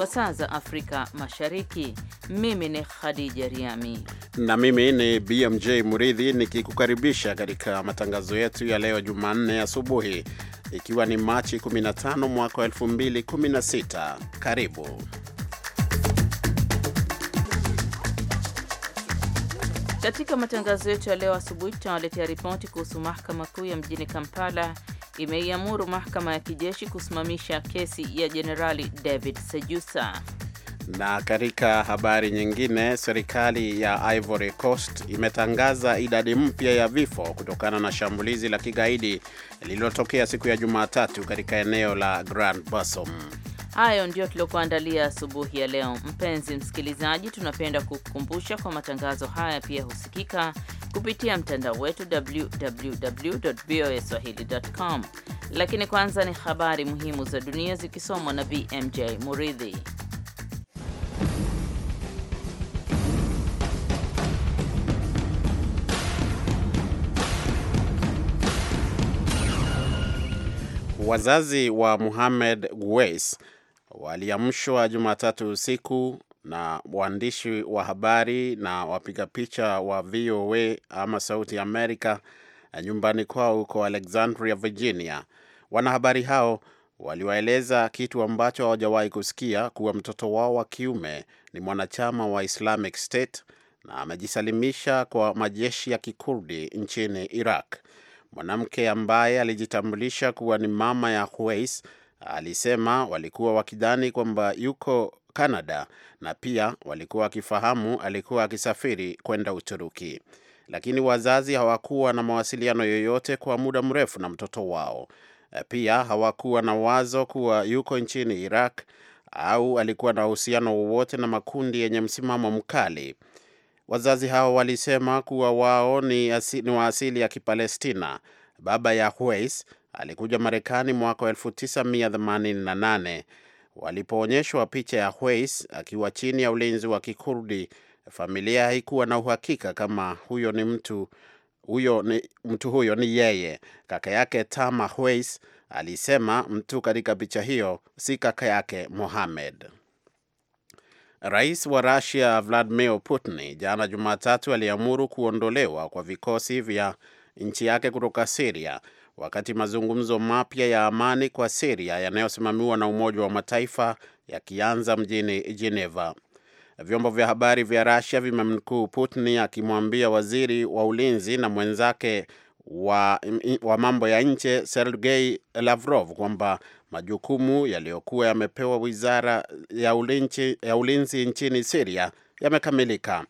kwa saa za Afrika Mashariki. Mimi ni Khadija Riami na mimi ni BMJ Muridhi nikikukaribisha katika matangazo yetu ya leo Jumanne asubuhi, ikiwa ni Machi 15 mwaka 2016. Karibu katika matangazo yetu ya leo asubuhi. Tunawaletea ripoti kuhusu mahakama kuu ya mjini Kampala imeiamuru mahakama ya kijeshi kusimamisha kesi ya Jenerali David Sejusa. Na katika habari nyingine, serikali ya Ivory Coast imetangaza idadi mpya ya vifo kutokana na shambulizi la kigaidi lililotokea siku ya Jumatatu katika eneo la Grand Bassam. Hayo ndio tuliokuandalia asubuhi ya leo. Mpenzi msikilizaji, tunapenda kukukumbusha kwa matangazo haya pia husikika kupitia mtandao wetu www.voaswahili.com. Lakini kwanza ni habari muhimu za dunia zikisomwa na BMJ Muridhi. Wazazi wa muhamed Gueis waliamshwa Jumatatu usiku na waandishi wa habari na wapiga picha wa VOA ama Sauti Amerika eh, nyumbani kwao huko Alexandria, Virginia. Wanahabari hao waliwaeleza kitu ambacho hawajawahi kusikia kuwa mtoto wao wa kiume ni mwanachama wa Islamic State na amejisalimisha kwa majeshi ya Kikurdi nchini Iraq. Mwanamke ambaye alijitambulisha kuwa ni mama ya Hueis alisema walikuwa wakidhani kwamba yuko Canada na pia walikuwa wakifahamu alikuwa akisafiri kwenda Uturuki, lakini wazazi hawakuwa na mawasiliano yoyote kwa muda mrefu na mtoto wao. Eh, pia hawakuwa na wazo kuwa yuko nchini Iraq au alikuwa na uhusiano wowote na makundi yenye msimamo mkali. Wazazi hao walisema kuwa wao ni, asi, ni wa asili ya Kipalestina. Baba ya Hweis alikuja Marekani mwaka 1988 Walipoonyeshwa picha ya Hueis akiwa chini ya ulinzi wa Kikurdi, familia haikuwa na uhakika kama huyo ni mtu huyo ni, mtu huyo ni yeye. Kaka yake Tama Hueis alisema mtu katika picha hiyo si kaka yake Mohamed. Rais wa rusia Vladimir Putin jana Jumatatu aliamuru kuondolewa kwa vikosi vya nchi yake kutoka Siria wakati mazungumzo mapya ya amani kwa Siria yanayosimamiwa na Umoja wa Mataifa yakianza mjini Geneva. Vyombo vya habari vya Russia vimemnukuu Putin akimwambia waziri wa ulinzi na mwenzake wa, wa mambo ya nje Sergei Lavrov kwamba majukumu yaliyokuwa yamepewa wizara ya ulinzi, ya ulinzi nchini Siria yamekamilika.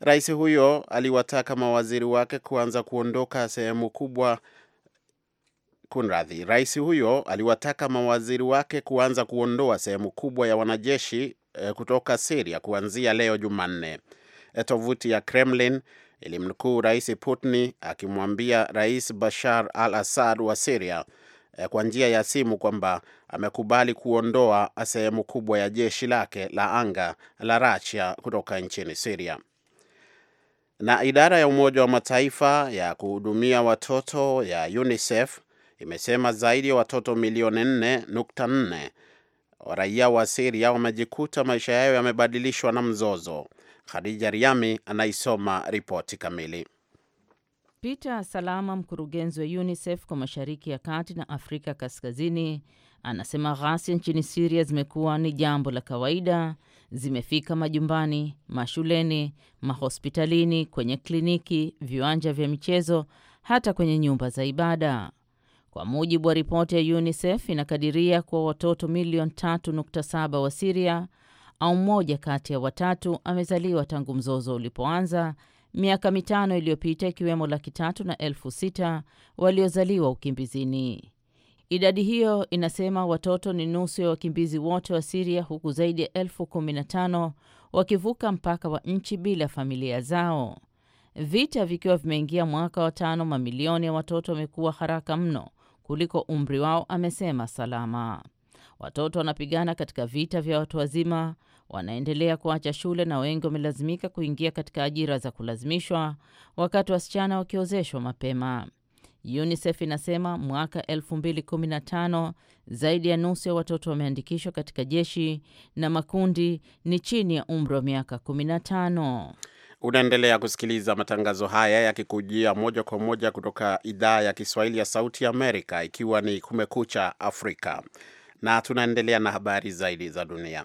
Rais huyo aliwataka mawaziri wake kuanza kuondoka sehemu kubwa Kunradhi, rais huyo aliwataka mawaziri wake kuanza kuondoa sehemu kubwa ya wanajeshi eh, kutoka Siria kuanzia leo Jumanne. Eh, tovuti ya Kremlin ilimnukuu rais Putin akimwambia rais Bashar al Assad wa Siria eh, kwa njia ya simu kwamba amekubali kuondoa sehemu kubwa ya jeshi lake la anga la Rasia kutoka nchini Siria. Na idara ya Umoja wa Mataifa ya kuhudumia watoto ya UNICEF imesema zaidi ya watoto milioni 4.4 raia wa Siria wamejikuta maisha yao yamebadilishwa na mzozo. Khadija Riami anaisoma ripoti kamili. Peter Salama, mkurugenzi wa UNICEF kwa Mashariki ya Kati na Afrika Kaskazini, anasema ghasia nchini Siria zimekuwa ni jambo la kawaida, zimefika majumbani, mashuleni, mahospitalini, kwenye kliniki, viwanja vya michezo, hata kwenye nyumba za ibada. Kwa mujibu wa ripoti ya UNICEF inakadiria kuwa watoto milioni 3.7 wa Siria au mmoja kati ya watatu amezaliwa tangu mzozo ulipoanza miaka mitano iliyopita, ikiwemo laki tatu na elfu sita waliozaliwa ukimbizini. Idadi hiyo inasema watoto ni nusu ya wakimbizi wote wa Siria, huku zaidi ya elfu kumi na tano wakivuka mpaka wa nchi bila familia zao. Vita vikiwa vimeingia mwaka wa tano, mamilioni ya watoto wamekuwa haraka mno kuliko umri wao, amesema Salama. Watoto wanapigana katika vita vya watu wazima, wanaendelea kuacha shule na wengi wamelazimika kuingia katika ajira za kulazimishwa, wakati wasichana wakiozeshwa mapema. UNICEF inasema mwaka 2015 zaidi ya nusu ya watoto wameandikishwa katika jeshi na makundi ni chini ya umri wa miaka 15. Unaendelea kusikiliza matangazo haya yakikujia moja kwa moja kutoka idhaa ya Kiswahili ya Sauti Amerika, ikiwa ni Kumekucha Afrika, na tunaendelea na habari zaidi za dunia.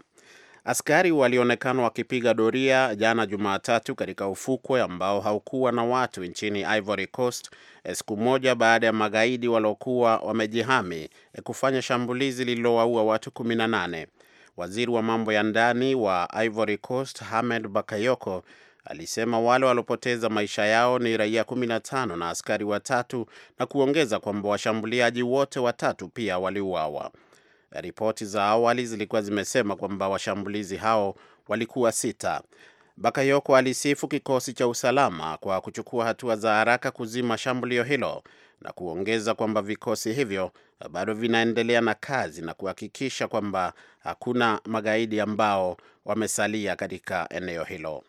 Askari walionekana wakipiga doria jana Jumatatu katika ufukwe ambao haukuwa na watu nchini Ivory Coast, eh, siku moja baada ya magaidi waliokuwa wamejihami eh, kufanya shambulizi lililowaua watu 18. Waziri wa mambo ya ndani wa Ivory Coast Hamed Bakayoko alisema wale waliopoteza maisha yao ni raia 15 na askari watatu na kuongeza kwamba washambuliaji wote watatu pia waliuawa. Ripoti za awali zilikuwa zimesema kwamba washambulizi hao walikuwa sita. Bakayoko alisifu kikosi cha usalama kwa kuchukua hatua za haraka kuzima shambulio hilo na kuongeza kwamba vikosi hivyo bado vinaendelea na kazi na kuhakikisha kwamba hakuna magaidi ambao wamesalia katika eneo hilo.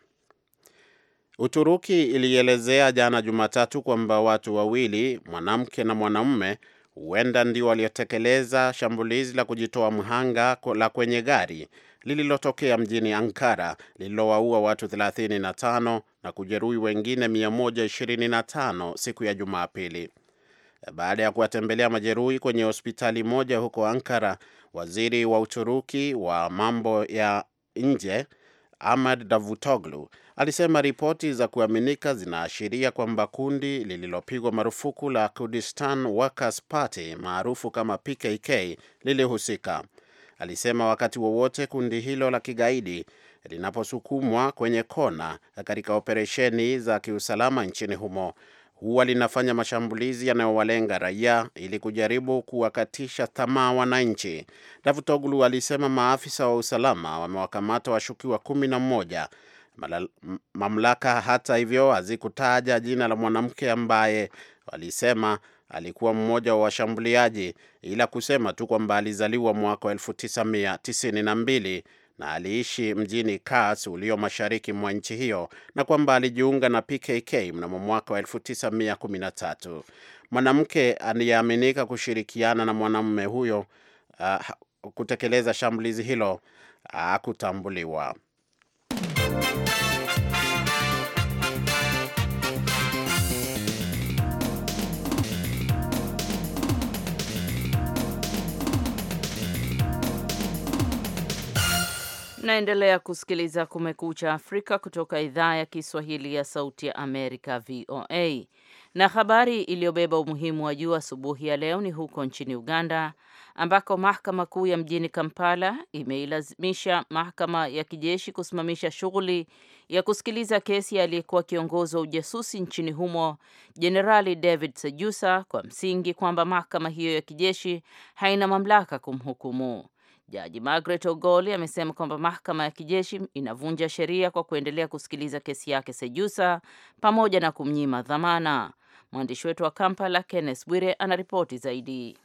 Uturuki ilielezea jana Jumatatu kwamba watu wawili, mwanamke na mwanamume, huenda ndio waliotekeleza shambulizi la kujitoa mhanga la kwenye gari lililotokea mjini Ankara lililowaua watu 35 na kujeruhi wengine 125 siku ya Jumapili. Baada ya kuwatembelea majeruhi kwenye hospitali moja huko Ankara, waziri wa Uturuki wa mambo ya nje Ahmad Davutoglu alisema ripoti za kuaminika zinaashiria kwamba kundi lililopigwa marufuku la Kurdistan Workers Party maarufu kama PKK lilihusika. Alisema wakati wowote kundi hilo la kigaidi linaposukumwa kwenye kona katika operesheni za kiusalama nchini humo huwa linafanya mashambulizi yanayowalenga raia ili kujaribu kuwakatisha tamaa wananchi. Davutoglu alisema maafisa wa usalama wamewakamata washukiwa kumi na mmoja. Mamlaka hata hivyo hazikutaja jina la mwanamke ambaye walisema alikuwa mmoja wa washambuliaji, ila kusema tu kwamba alizaliwa mwaka mbili na aliishi mjini Kars ulio mashariki mwa nchi hiyo na kwamba alijiunga na PKK mnamo mwaka wa 1913. Mwanamke aliyeaminika kushirikiana na mwanamume huyo uh, kutekeleza shambulizi hilo hakutambuliwa. Uh, Mnaendelea kusikiliza Kumekucha Afrika kutoka idhaa ya Kiswahili ya Sauti ya Amerika, VOA. Na habari iliyobeba umuhimu wa juu asubuhi ya leo ni huko nchini Uganda, ambako mahakama kuu ya mjini Kampala imeilazimisha mahakama ya kijeshi kusimamisha shughuli ya kusikiliza kesi aliyekuwa kiongozi wa ujasusi nchini humo Jenerali David Sejusa kwa msingi kwamba mahakama hiyo ya kijeshi haina mamlaka kumhukumu. Jaji Margaret Ogoli amesema kwamba mahakama ya kijeshi inavunja sheria kwa kuendelea kusikiliza kesi yake Sejusa pamoja na kumnyima dhamana. Mwandishi wetu wa Kampala Kenneth Bwire anaripoti zaidi.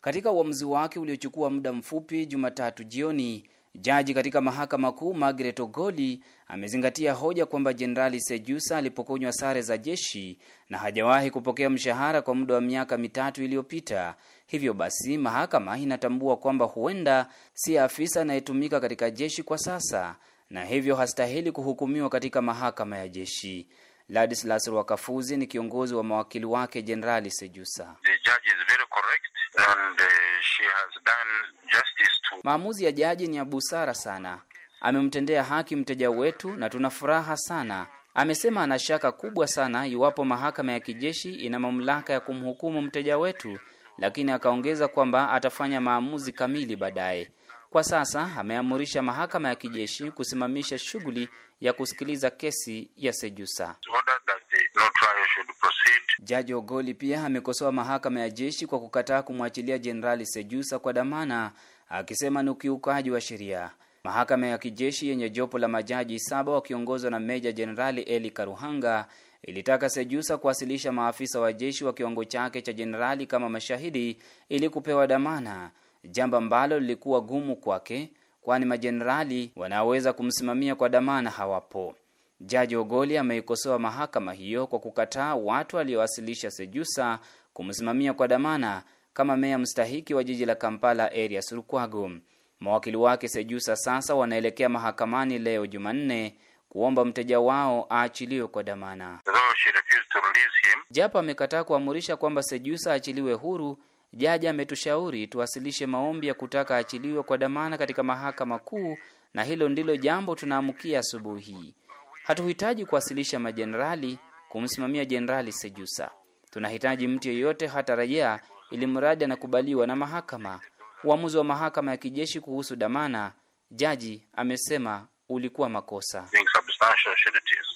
Katika uamuzi wake uliochukua muda mfupi Jumatatu jioni, jaji katika mahakama kuu Margaret Ogoli amezingatia hoja kwamba Jenerali Sejusa alipokonywa sare za jeshi na hajawahi kupokea mshahara kwa muda wa miaka mitatu iliyopita Hivyo basi mahakama inatambua kwamba huenda si afisa anayetumika katika jeshi kwa sasa na hivyo hastahili kuhukumiwa katika mahakama ya jeshi. Ladislas Rwakafuzi ni kiongozi wa mawakili wake Jenerali Sejusa. Uh, Maamuzi ya jaji ni ya busara sana, amemtendea haki mteja wetu na tuna furaha sana. Amesema ana shaka kubwa sana iwapo mahakama ya kijeshi ina mamlaka ya kumhukumu mteja wetu lakini akaongeza kwamba atafanya maamuzi kamili baadaye. Kwa sasa ameamurisha mahakama ya kijeshi kusimamisha shughuli ya kusikiliza kesi ya Sejusa. Jaji Ogoli pia amekosoa mahakama ya jeshi kwa kukataa kumwachilia Jenerali Sejusa kwa dhamana, akisema ni ukiukaji wa sheria. Mahakama ya kijeshi yenye jopo la majaji saba wakiongozwa na Meja Jenerali Eli Karuhanga ilitaka Sejusa kuwasilisha maafisa wa jeshi wa kiwango chake cha jenerali kama mashahidi ili kupewa damana, jambo ambalo lilikuwa gumu kwake, kwani majenerali wanaoweza kumsimamia kwa damana hawapo. Jaji Ogoli ameikosoa mahakama hiyo kwa kukataa watu waliowasilisha Sejusa kumsimamia kwa damana kama meya mstahiki wa jiji la Kampala Erias Lukwago. Mawakili wake Sejusa sasa wanaelekea mahakamani leo Jumanne kuomba mteja wao aachiliwe kwa dhamana. Japo amekataa kuamurisha kwamba Sejusa aachiliwe huru, jaji ametushauri tuwasilishe maombi ya kutaka aachiliwe kwa dhamana katika mahakama kuu, na hilo ndilo jambo tunaamkia asubuhi Hatuhitaji kuwasilisha majenerali kumsimamia Jenerali Sejusa. Tunahitaji mtu yeyote, hata raia, ili mradi anakubaliwa na mahakama. Uamuzi wa mahakama ya kijeshi kuhusu dhamana, jaji amesema, ulikuwa makosa.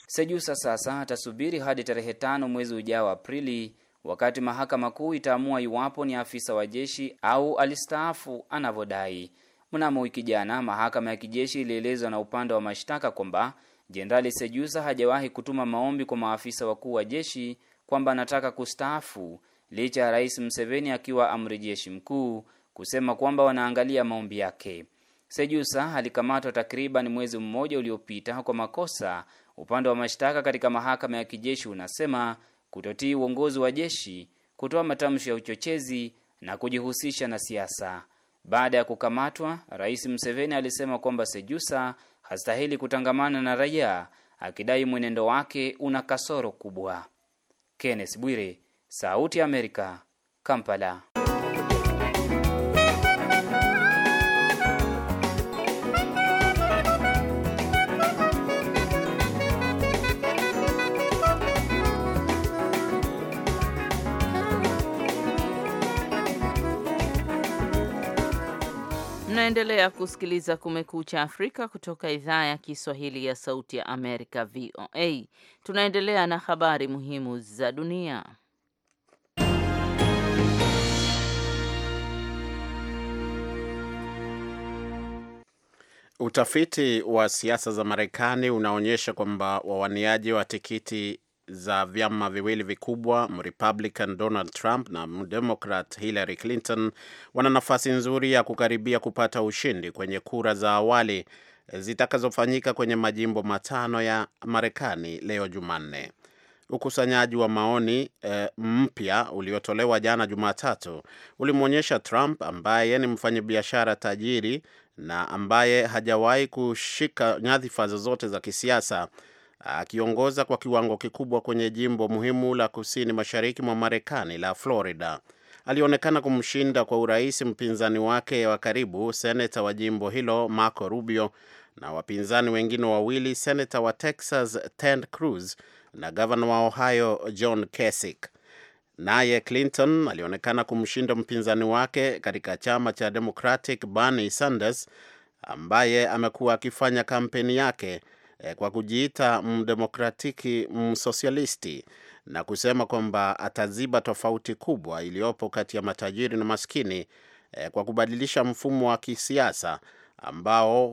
Sejusa sasa atasubiri hadi tarehe tano mwezi ujao Aprili, wakati mahakama kuu itaamua iwapo ni afisa wa jeshi au alistaafu anavyodai. Mnamo wiki jana, mahakama ya kijeshi ilielezwa na upande wa mashtaka kwamba Jenerali Sejusa hajawahi kutuma maombi kwa maafisa wakuu wa jeshi kwamba anataka kustaafu licha ya Rais Mseveni akiwa amri jeshi mkuu kusema kwamba wanaangalia maombi yake. Sejusa alikamatwa takriban mwezi mmoja uliopita kwa makosa, upande wa mashtaka katika mahakama ya kijeshi unasema kutotii uongozi wa jeshi, kutoa matamshi ya uchochezi na kujihusisha na siasa. Baada ya kukamatwa, Rais Museveni alisema kwamba Sejusa hastahili kutangamana na raia, akidai mwenendo wake una kasoro kubwa. Kenneth Bwire, Sauti ya Amerika, Kampala. Unaendelea kusikiliza Kumekucha Afrika kutoka idhaa ya Kiswahili ya Sauti ya Amerika, VOA. Tunaendelea na habari muhimu za dunia. Utafiti wa siasa za Marekani unaonyesha kwamba wawaniaji wa tikiti za vyama viwili vikubwa Mrepublican Donald Trump na Mdemokrat Hillary Clinton wana nafasi nzuri ya kukaribia kupata ushindi kwenye kura za awali zitakazofanyika kwenye majimbo matano ya Marekani leo Jumanne. Ukusanyaji wa maoni e, mpya uliotolewa jana Jumatatu ulimwonyesha Trump ambaye ni mfanyabiashara tajiri na ambaye hajawahi kushika nyadhifa zozote za kisiasa akiongoza kwa kiwango kikubwa kwenye jimbo muhimu la kusini mashariki mwa Marekani la Florida. Alionekana kumshinda kwa urahisi mpinzani wake wa karibu, seneta wa jimbo hilo Marco Rubio, na wapinzani wengine wawili, seneta wa Texas Ted Cruz na gavana wa Ohio John Kasich. Naye Clinton alionekana kumshinda mpinzani wake katika chama cha Democratic Bernie Sanders ambaye amekuwa akifanya kampeni yake Eh, kwa kujiita mdemokratiki msosialisti na kusema kwamba ataziba tofauti kubwa iliyopo kati ya matajiri na maskini eh, kwa kubadilisha mfumo wa kisiasa ambao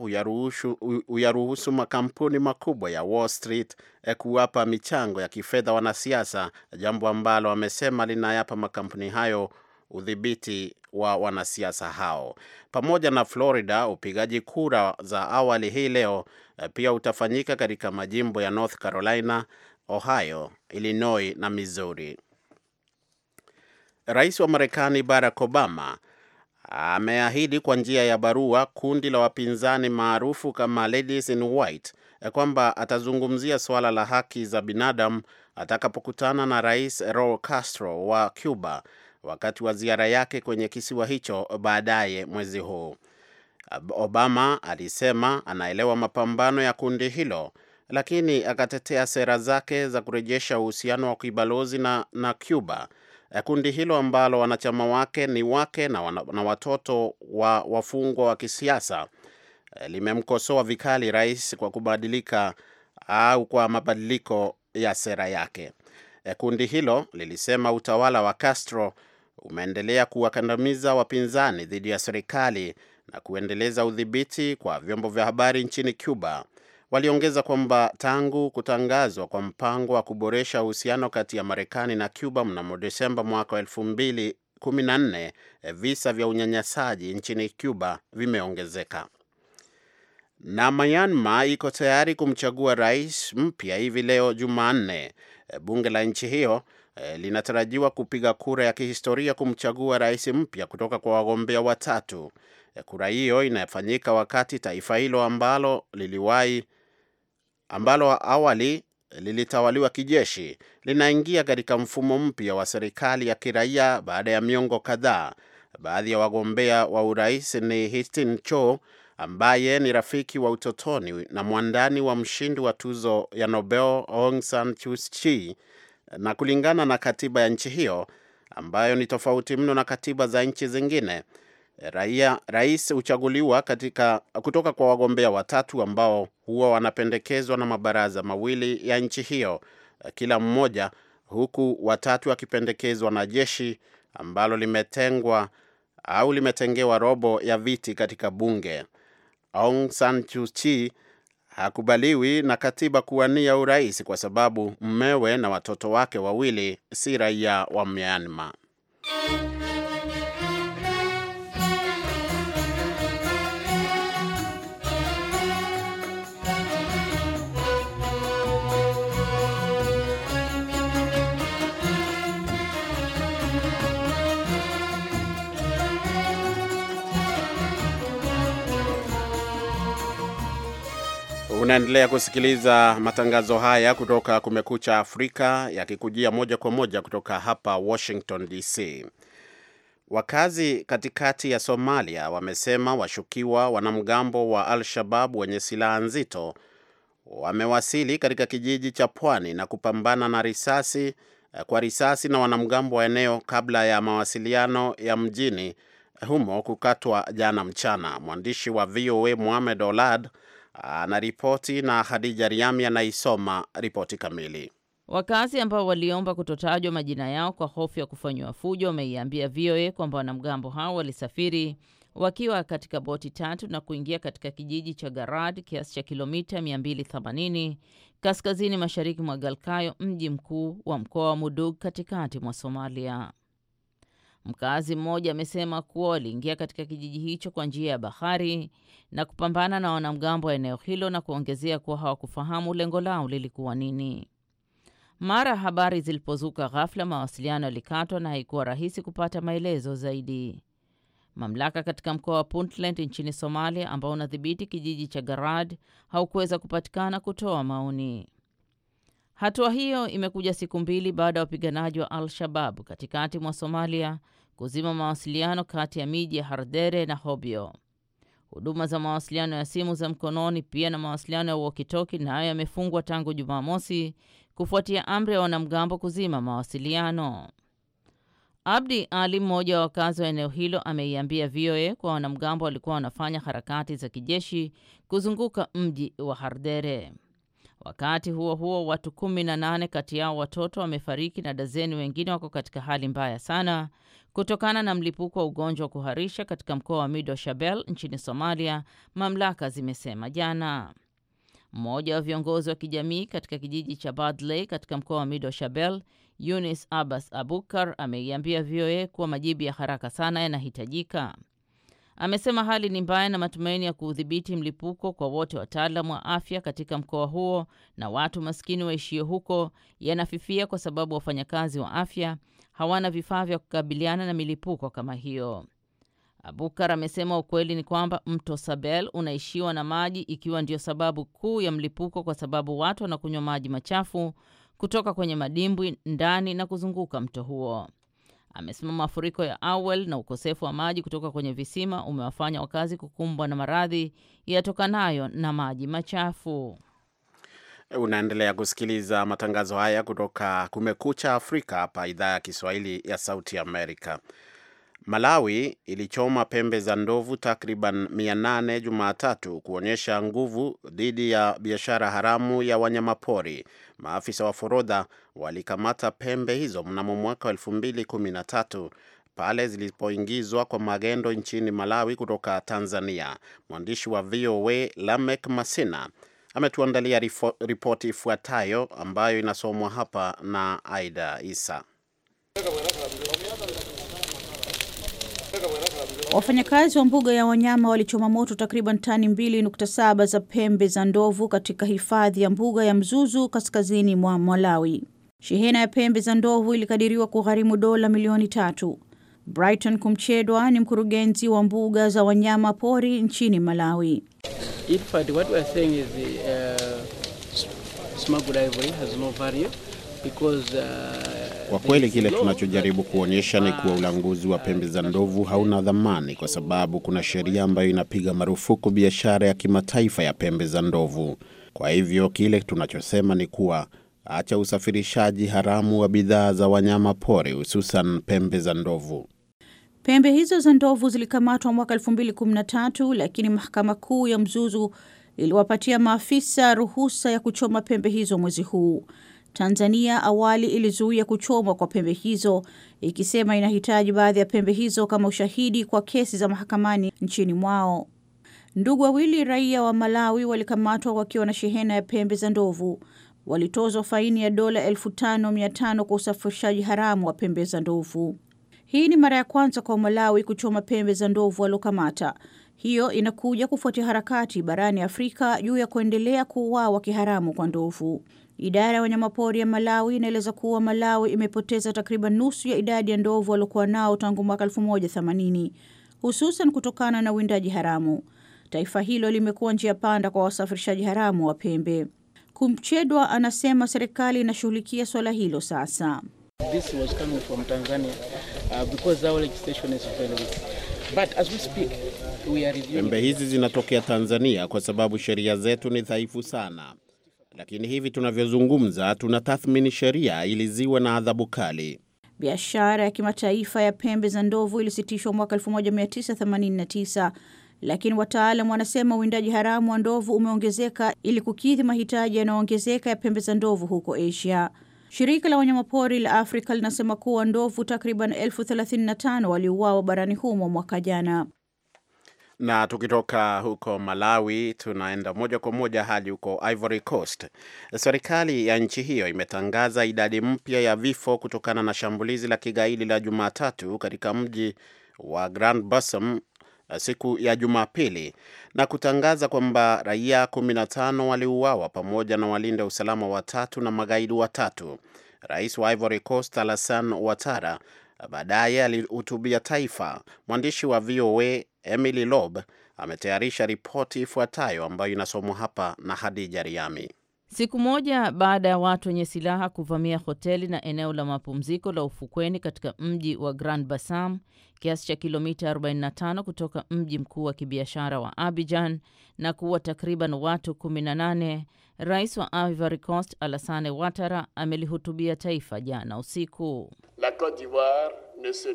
huyaruhusu, makampuni makubwa ya Wall Street eh, kuwapa michango ya kifedha wanasiasa, jambo ambalo amesema linayapa makampuni hayo udhibiti wa wanasiasa hao. Pamoja na Florida, upigaji kura za awali hii leo Eh, pia utafanyika katika majimbo ya North Carolina, Ohio, Illinois na Missouri. Rais wa Marekani Barack Obama ameahidi kwa njia ya barua kundi la wapinzani maarufu kama Ladies in White eh, kwamba atazungumzia suala la haki za binadamu atakapokutana na Rais Raul Castro wa Cuba wakati wa ziara yake kwenye kisiwa hicho baadaye mwezi huu. Obama alisema anaelewa mapambano ya kundi hilo, lakini akatetea sera zake za kurejesha uhusiano wa kibalozi na, na Cuba, eh, kundi hilo ambalo wanachama wake ni wake na, wana, na watoto wa wafungwa wa kisiasa eh, limemkosoa vikali rais kwa kubadilika au kwa mabadiliko ya sera yake. Eh, kundi hilo lilisema utawala wa Castro umeendelea kuwakandamiza wapinzani dhidi ya serikali na kuendeleza udhibiti kwa vyombo vya habari nchini Cuba. Waliongeza kwamba tangu kutangazwa kwa mpango wa kuboresha uhusiano kati ya Marekani na Cuba mnamo Desemba mwaka elfu mbili kumi na nne, visa vya unyanyasaji nchini Cuba vimeongezeka. Na Myanmar iko tayari kumchagua rais mpya hivi leo Jumanne. Bunge la nchi hiyo eh, linatarajiwa kupiga kura ya kihistoria kumchagua rais mpya kutoka kwa wagombea watatu. Eh, kura hiyo inafanyika wakati taifa hilo ambalo liliwahi ambalo awali lilitawaliwa kijeshi linaingia katika mfumo mpya wa serikali ya kiraia baada ya miongo kadhaa. Baadhi ya wagombea wa urais ni hitin Cho ambaye ni rafiki wa utotoni na mwandani wa mshindi wa tuzo ya Nobel Aung San Suu Kyi, na kulingana na katiba ya nchi hiyo ambayo ni tofauti mno na katiba za nchi zingine, raia, rais huchaguliwa katika kutoka kwa wagombea watatu ambao huwa wanapendekezwa na mabaraza mawili ya nchi hiyo kila mmoja, huku watatu wakipendekezwa na jeshi ambalo limetengwa au limetengewa robo ya viti katika bunge. Aung San Suu Kyi hakubaliwi na katiba kuwania urais kwa sababu mmewe na watoto wake wawili si raia wa Myanmar. Unaendelea kusikiliza matangazo haya kutoka Kumekucha Afrika yakikujia moja kwa moja kutoka hapa Washington DC. Wakazi katikati ya Somalia wamesema washukiwa wanamgambo wa Al-Shabab wenye silaha nzito wamewasili katika kijiji cha pwani na kupambana na risasi eh, kwa risasi na wanamgambo wa eneo kabla ya mawasiliano ya mjini humo kukatwa jana mchana. Mwandishi wa VOA Mohamed Olad anaripoti na hadija Riami anaisoma ripoti kamili. Wakazi ambao waliomba kutotajwa majina yao kwa hofu ya kufanywa fujo wameiambia VOA kwamba wanamgambo hao walisafiri wakiwa katika boti tatu na kuingia katika kijiji cha Garad kiasi cha kilomita 280 kaskazini mashariki mwa Galkayo, mji mkuu wa mkoa wa Mudug katikati mwa Somalia. Mkaazi mmoja amesema kuwa waliingia katika kijiji hicho kwa njia ya bahari na kupambana na wanamgambo wa eneo hilo na kuongezea kuwa hawakufahamu lengo lao lilikuwa nini. Mara habari zilipozuka ghafla, mawasiliano yalikatwa na haikuwa rahisi kupata maelezo zaidi. Mamlaka katika mkoa wa Puntland nchini Somalia, ambao unadhibiti kijiji cha Garad, haukuweza kupatikana kutoa maoni. Hatua hiyo imekuja siku mbili baada ya wapiganaji wa al shabab katikati mwa Somalia kuzima mawasiliano kati ya miji ya Hardere na Hobyo. Huduma za mawasiliano ya simu za mkononi pia na mawasiliano ya wokitoki nayo yamefungwa tangu Jumamosi kufuatia amri ya wanamgambo kuzima mawasiliano. Abdi Ali, mmoja wa wakazi wa eneo hilo, ameiambia VOA kwa wanamgambo walikuwa wanafanya harakati za kijeshi kuzunguka mji wa Hardere. Wakati huo huo, watu kumi na nane kati yao watoto wamefariki na dazeni wengine wako katika hali mbaya sana kutokana na mlipuko wa ugonjwa wa kuharisha katika mkoa wa Mido Shabel nchini Somalia, mamlaka zimesema jana. Mmoja wa viongozi wa kijamii katika kijiji cha Badley katika mkoa wa Mido Shabel, Yunis Abbas Abukar, ameiambia VOA kuwa majibu ya haraka sana yanahitajika. Amesema hali ni mbaya na matumaini ya kuudhibiti mlipuko kwa wote wataalam wa afya katika mkoa huo na watu maskini waishio huko yanafifia kwa sababu wafanyakazi wa afya hawana vifaa vya kukabiliana na milipuko kama hiyo. Abukar amesema ukweli ni kwamba mto Sabel unaishiwa na maji, ikiwa ndiyo sababu kuu ya mlipuko, kwa sababu watu wanakunywa maji machafu kutoka kwenye madimbwi ndani na kuzunguka mto huo amesema mafuriko ya awali na ukosefu wa maji kutoka kwenye visima umewafanya wakazi kukumbwa na maradhi yatokanayo na maji machafu. Unaendelea kusikiliza matangazo haya kutoka Kumekucha Afrika hapa idhaa ya Kiswahili ya Sauti Amerika. Malawi ilichoma pembe za ndovu takriban 800 Jumatatu kuonyesha nguvu dhidi ya biashara haramu ya wanyamapori. Maafisa wa forodha walikamata pembe hizo mnamo mwaka 2013 pale zilipoingizwa kwa magendo nchini Malawi kutoka Tanzania. Mwandishi wa VOA Lamek Masina ametuandalia ripoti ifuatayo ambayo inasomwa hapa na Aida Isa. Wafanyakazi wa mbuga ya wanyama walichoma moto takriban tani 2.7 za pembe za ndovu katika hifadhi ya mbuga ya Mzuzu kaskazini mwa Malawi. Shehena ya pembe za ndovu ilikadiriwa kugharimu dola milioni tatu. Brighton Kumchedwa ni mkurugenzi wa mbuga za wanyama pori nchini Malawi. value. Uh, kwa kweli kile tunachojaribu kuonyesha ni uh, kuwa ulanguzi wa pembe za ndovu hauna dhamani kwa sababu kuna sheria ambayo inapiga marufuku biashara ya kimataifa ya pembe za ndovu. Kwa hivyo kile tunachosema ni kuwa acha usafirishaji haramu wa bidhaa za wanyama pori hususan pembe za ndovu. Pembe hizo za ndovu zilikamatwa mwaka 213 lakini mahakama kuu ya mzuzu iliwapatia maafisa ruhusa ya kuchoma pembe hizo mwezi huu. Tanzania awali ilizuia kuchomwa kwa pembe hizo ikisema inahitaji baadhi ya pembe hizo kama ushahidi kwa kesi za mahakamani nchini mwao. Ndugu wawili raia wa Malawi walikamatwa wakiwa na shehena ya pembe za ndovu. Walitozwa faini ya dola elfu tano mia tano kwa usafirishaji haramu wa pembe za ndovu. Hii ni mara ya kwanza kwa Malawi kuchoma pembe za ndovu waliokamata. Hiyo inakuja kufuatia harakati barani Afrika juu ya kuendelea kuuawa kiharamu kwa ndovu. Idara ya wanyamapori ya Malawi inaeleza kuwa Malawi imepoteza takriban nusu ya idadi ya ndovu waliokuwa nao tangu mwaka 1980 hususan kutokana na uwindaji haramu. Taifa hilo limekuwa njia panda kwa wasafirishaji haramu wa pembe. Kumchedwa anasema serikali inashughulikia swala hilo sasa. This was coming from Tanzania, uh, because our legislation is very weak. But as we speak, we are reviewing... Pembe hizi zinatokea Tanzania kwa sababu sheria zetu ni dhaifu sana lakini hivi tunavyozungumza, tunatathmini sheria ili ziwe na adhabu kali. Biashara ya kimataifa ya pembe za ndovu ilisitishwa mwaka 1989 lakini wataalam wanasema uwindaji haramu wa ndovu umeongezeka ili kukidhi mahitaji yanayoongezeka ya pembe za ndovu huko Asia. Shirika la wanyamapori la Afrika linasema kuwa ndovu takriban elfu 35 waliuawa barani humo mwaka jana. Na tukitoka huko Malawi, tunaenda moja kwa moja hadi huko Ivory Coast. Serikali ya nchi hiyo imetangaza idadi mpya ya vifo kutokana na shambulizi la kigaidi la Jumatatu katika mji wa Grand Bassam eh, siku ya Jumapili na kutangaza kwamba raia 15 waliuawa pamoja na walinda usalama watatu na magaidi watatu. Rais wa Ivory Coast Alassane Ouattara baadaye alihutubia taifa. Mwandishi wa VOA Emily Lob ametayarisha ripoti ifuatayo ambayo inasomwa hapa na Hadija Riami. Siku moja baada ya watu wenye silaha kuvamia hoteli na eneo la mapumziko la ufukweni katika mji wa Grand Bassam, kiasi cha kilomita 45 kutoka mji mkuu wa kibiashara wa Abidjan, na kuua takriban watu 18, rais wa Ivory Coast Alassane Ouattara amelihutubia taifa jana usiku. La Cote d'Ivoire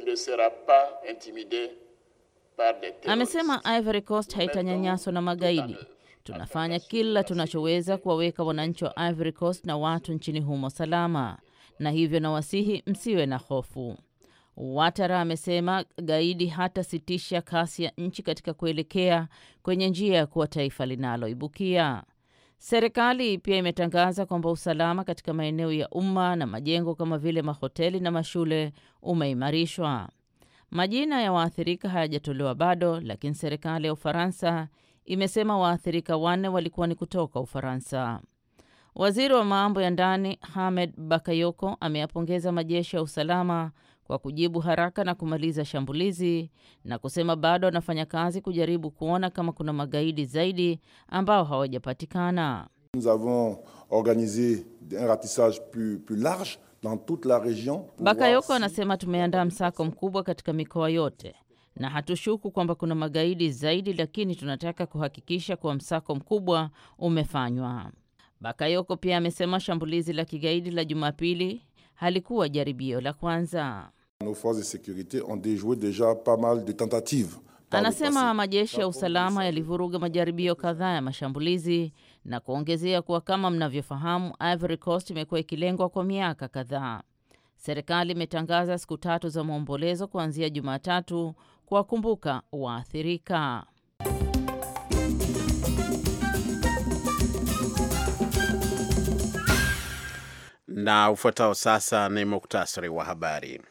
ne sera pas intimidee Amesema Ivory Coast haitanyanyaswa na magaidi. Tunafanya kila tunachoweza kuwaweka wananchi wa Ivory Coast na watu nchini humo salama, na hivyo nawasihi msiwe na hofu. Watara amesema gaidi hatasitisha kasi ya nchi katika kuelekea kwenye njia ya kuwa taifa linaloibukia. Serikali pia imetangaza kwamba usalama katika maeneo ya umma na majengo kama vile mahoteli na mashule umeimarishwa. Majina ya waathirika hayajatolewa bado, lakini serikali ya Ufaransa imesema waathirika wanne walikuwa ni kutoka Ufaransa. Waziri wa mambo ya ndani Hamed Bakayoko ameyapongeza majeshi ya usalama kwa kujibu haraka na kumaliza shambulizi na kusema bado wanafanya kazi kujaribu kuona kama kuna magaidi zaidi ambao hawajapatikana. Nous avons organisé un ratissage plus, plus large dans toute la Bakayoko anasema tumeandaa msako mkubwa katika mikoa yote na hatushuku kwamba kuna magaidi zaidi, lakini tunataka kuhakikisha kuwa msako mkubwa umefanywa. Bakayoko pia amesema shambulizi la kigaidi la Jumapili halikuwa jaribio la kwanza. Anasema majeshi ya usalama yalivuruga majaribio kadhaa ya mashambulizi na kuongezea kuwa kama mnavyofahamu, Ivory Coast imekuwa ikilengwa kwa miaka kadhaa. Serikali imetangaza siku tatu za maombolezo kuanzia Jumatatu kuwakumbuka waathirika. Na ufuatao sasa ni muktasari wa habari.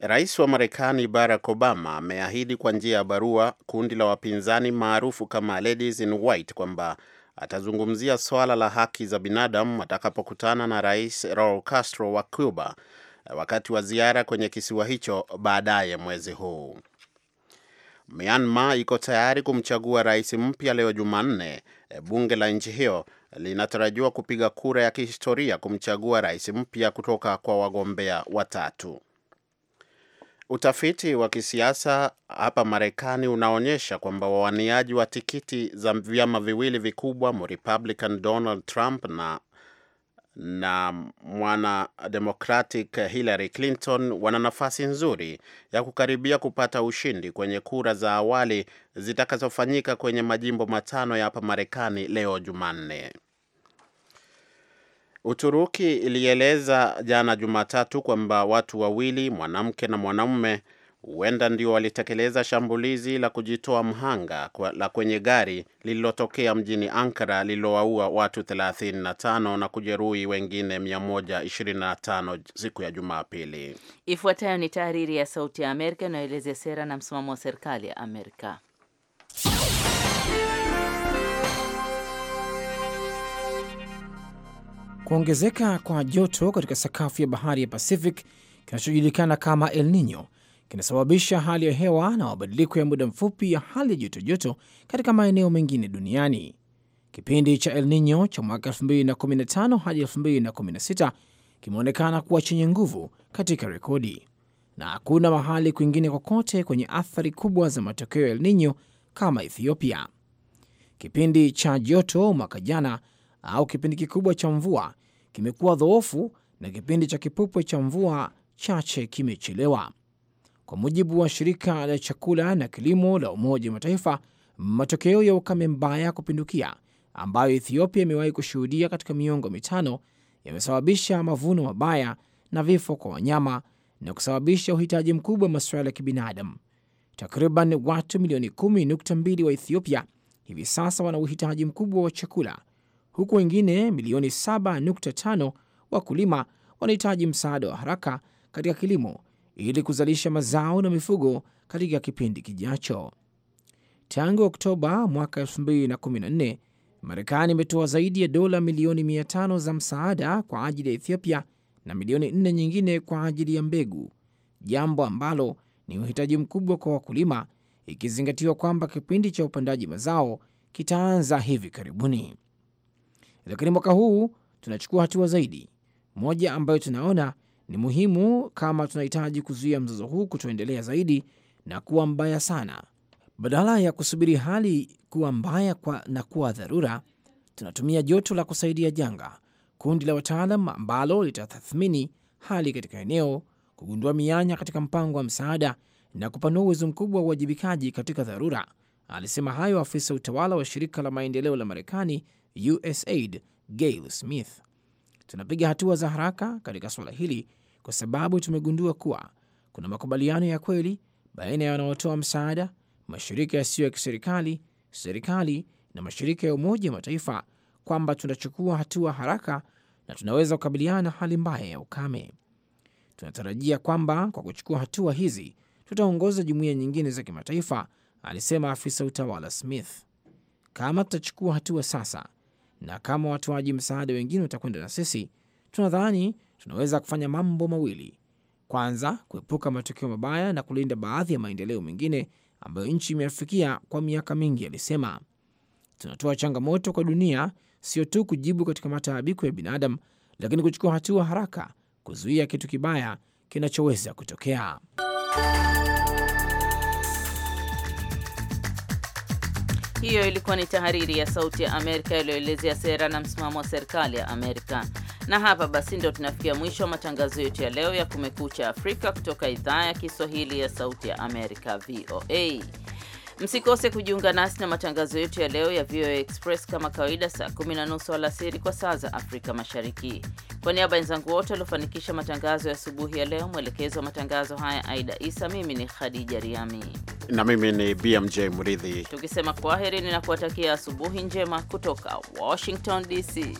Rais wa Marekani Barack Obama ameahidi kwa njia ya barua kundi la wapinzani maarufu kama Ladies in White kwamba atazungumzia swala la haki za binadamu atakapokutana na Rais Raul Castro wa Cuba eh, wakati wa ziara kwenye kisiwa hicho baadaye mwezi huu. Myanmar iko tayari kumchagua rais mpya leo Jumanne. Eh, bunge la nchi hiyo linatarajiwa kupiga kura ya kihistoria kumchagua rais mpya kutoka kwa wagombea watatu. Utafiti wa kisiasa hapa Marekani unaonyesha kwamba wawaniaji wa tikiti za vyama viwili vikubwa Mrepublican Donald Trump na na mwana Democratic Hillary Clinton wana nafasi nzuri ya kukaribia kupata ushindi kwenye kura za awali zitakazofanyika kwenye majimbo matano ya hapa Marekani leo Jumanne. Uturuki ilieleza jana Jumatatu kwamba watu wawili, mwanamke na mwanamume, huenda ndio walitekeleza shambulizi la kujitoa mhanga la kwenye gari lililotokea mjini Ankara lililowaua watu 35 na kujeruhi wengine 125 siku ya Jumapili. Ifuatayo ni tahariri ya Sauti ya Amerika inayoelezea sera na msimamo wa serikali ya Amerika. Kuongezeka kwa joto katika sakafu ya bahari ya Pacific kinachojulikana kama El Nino kinasababisha hali ya hewa na mabadiliko ya muda mfupi ya hali ya jotojoto katika maeneo mengine duniani. Kipindi cha El Nino cha mwaka 2015 hadi 2016 kimeonekana kuwa chenye nguvu katika rekodi, na hakuna mahali kwingine kokote kwenye athari kubwa za matokeo ya El Nino kama Ethiopia. Kipindi cha joto mwaka jana au kipindi kikubwa cha mvua kimekuwa dhoofu na kipindi cha kipupwe cha mvua chache kimechelewa. Kwa mujibu wa shirika la chakula na kilimo la Umoja wa Mataifa, matokeo ya ukame mbaya kupindukia ambayo Ethiopia imewahi kushuhudia katika miongo mitano yamesababisha mavuno mabaya na vifo kwa wanyama na kusababisha uhitaji mkubwa wa masuala ya kibinadamu. Takriban watu milioni 10.2 wa Ethiopia hivi sasa wana uhitaji mkubwa wa chakula huku wengine milioni 7.5 wakulima wanahitaji msaada wa haraka katika kilimo ili kuzalisha mazao na mifugo katika kipindi kijacho. Tangu Oktoba mwaka 2014, Marekani imetoa zaidi ya dola milioni 500 za msaada kwa ajili ya Ethiopia na milioni 4 nyingine kwa ajili ya mbegu, jambo ambalo ni uhitaji mkubwa kwa wakulima, ikizingatiwa kwamba kipindi cha upandaji mazao kitaanza hivi karibuni lakini mwaka huu tunachukua hatua zaidi, moja ambayo tunaona ni muhimu kama tunahitaji kuzuia mzozo huu kutoendelea zaidi na kuwa mbaya sana. Badala ya kusubiri hali kuwa mbaya kwa na kuwa dharura, tunatumia joto la kusaidia janga, kundi la wataalam ambalo litatathmini hali katika eneo, kugundua mianya katika mpango wa msaada na kupanua uwezo mkubwa wa uwajibikaji katika dharura. Alisema hayo afisa utawala wa shirika la maendeleo la Marekani USAID Gail Smith. Tunapiga hatua za haraka katika suala hili kwa sababu tumegundua kuwa kuna makubaliano ya kweli baina ya wanaotoa msaada, mashirika yasiyo ya kiserikali, serikali na mashirika ya Umoja wa Mataifa kwamba tunachukua hatua haraka na tunaweza kukabiliana na hali mbaya ya ukame. Tunatarajia kwamba kwa kuchukua hatua hizi tutaongoza jumuiya nyingine za kimataifa, alisema afisa utawala Smith. Kama tutachukua hatua sasa, na kama watoaji msaada wengine watakwenda na sisi, tunadhani tunaweza kufanya mambo mawili. Kwanza, kuepuka matokeo mabaya na kulinda baadhi ya maendeleo mengine ambayo nchi imeafikia kwa miaka mingi, alisema. Tunatoa changamoto kwa dunia, sio tu kujibu katika mataabiko ya binadamu, lakini kuchukua hatua haraka kuzuia kitu kibaya kinachoweza kutokea. Hiyo ilikuwa ni tahariri ya Sauti ya Amerika iliyoelezea sera na msimamo wa serikali ya Amerika. Na hapa basi ndo tunafikia mwisho wa matangazo yetu ya leo ya Kumekucha Afrika kutoka idhaa ya Kiswahili ya Sauti ya Amerika, VOA. Msikose kujiunga nasi na matangazo yetu ya leo ya VOA Express kama kawaida, saa kumi na nusu alasiri kwa saa za Afrika Mashariki. Kwa niaba ya wenzangu wote waliofanikisha matangazo ya asubuhi ya leo, mwelekezo wa matangazo haya Aida Isa, mimi ni Khadija Riami na mimi ni BMJ Muridhi, tukisema kwaheri ninakuwatakia asubuhi njema kutoka Washington DC.